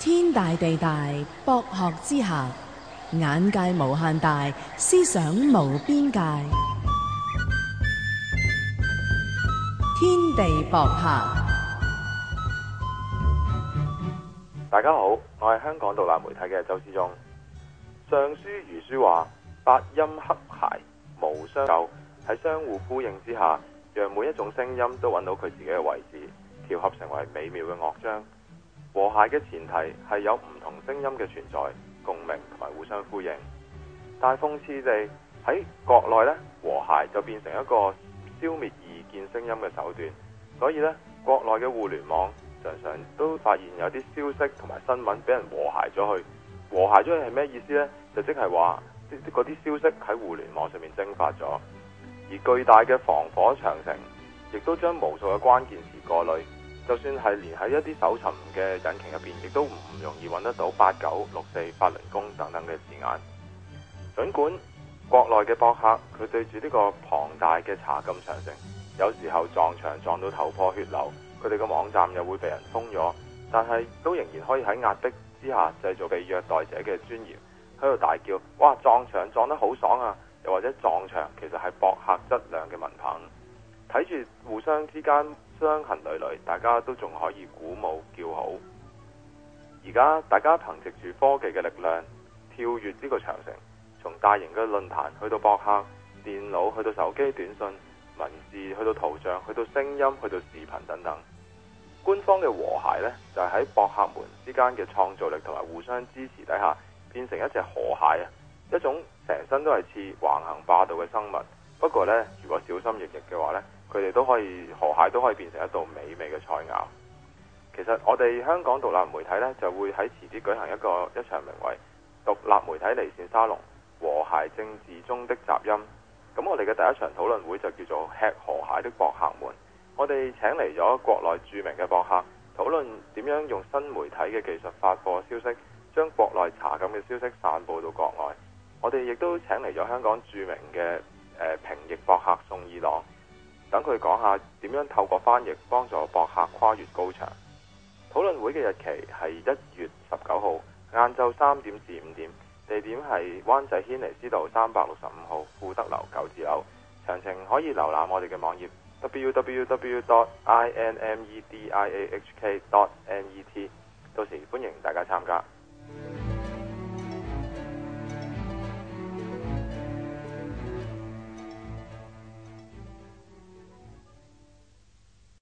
天大地大，博學之下，眼界無限大，思想無邊界。天地博客，大家好，我係香港獨立媒體嘅周志勇。尚書如書話：八音黑諧，無相有，喺相互呼應之下，讓每一種聲音都揾到佢自己嘅位置，調合成為美妙嘅樂章。和諧嘅前提係有唔同聲音嘅存在，共鳴同埋互相呼應。但係諷刺地喺國內呢，和諧就變成一個消滅意見聲音嘅手段。所以呢，國內嘅互聯網常常都發現有啲消息同埋新聞俾人和諧咗去。和諧咗去係咩意思呢？就即係話，嗰啲消息喺互聯網上面蒸發咗，而巨大嘅防火長城亦都將無數嘅關鍵詞過濾。就算係連喺一啲搜尋嘅引擎入邊，亦都唔容易揾得到八九六四八零工等等嘅字眼。儘管國內嘅博客，佢對住呢個龐大嘅查禁長城，有時候撞牆撞到頭破血流，佢哋嘅網站又會被人封咗，但係都仍然可以喺壓迫之下製造被虐待者嘅尊嚴，喺度大叫：哇！撞牆撞得好爽啊！又或者撞牆其實係博客質量嘅文憑，睇住互相之間，傷痕累累，大家都仲可以鼓舞叫好。而家大家憑借住科技嘅力量，跳越呢個長城，從大型嘅論壇去到博客、電腦去到手機、短信、文字去到圖像、去到聲音、去到視頻等等。官方嘅和諧呢，就係、是、喺博客們之間嘅創造力同埋互相支持底下，變成一隻河蟹啊，一種成身都係似橫行霸道嘅生物。不過呢，如果小心翼翼嘅話呢。佢哋都可以河蟹，都可以變成一道美味嘅菜餚。其實我哋香港獨立媒體咧，就會喺遲啲舉行一個一場名為獨立媒體離線沙龍《和諧政治中的雜音》。咁我哋嘅第一場討論會就叫做吃河蟹的博客們，我哋請嚟咗國內著名嘅博客討論點樣用新媒體嘅技術發佈消息，將國內查禁嘅消息散布到國外。我哋亦都請嚟咗香港著名嘅誒，平易博客宋以朗，等佢講下點樣透過翻譯幫助博客跨越高牆。討論會嘅日期係一月十九號，晏晝三點至五點，地點係灣仔軒尼詩道三百六十五號富德樓九字樓。詳情可以瀏覽我哋嘅網頁 www.inmediahk.net。到時歡迎大家參加。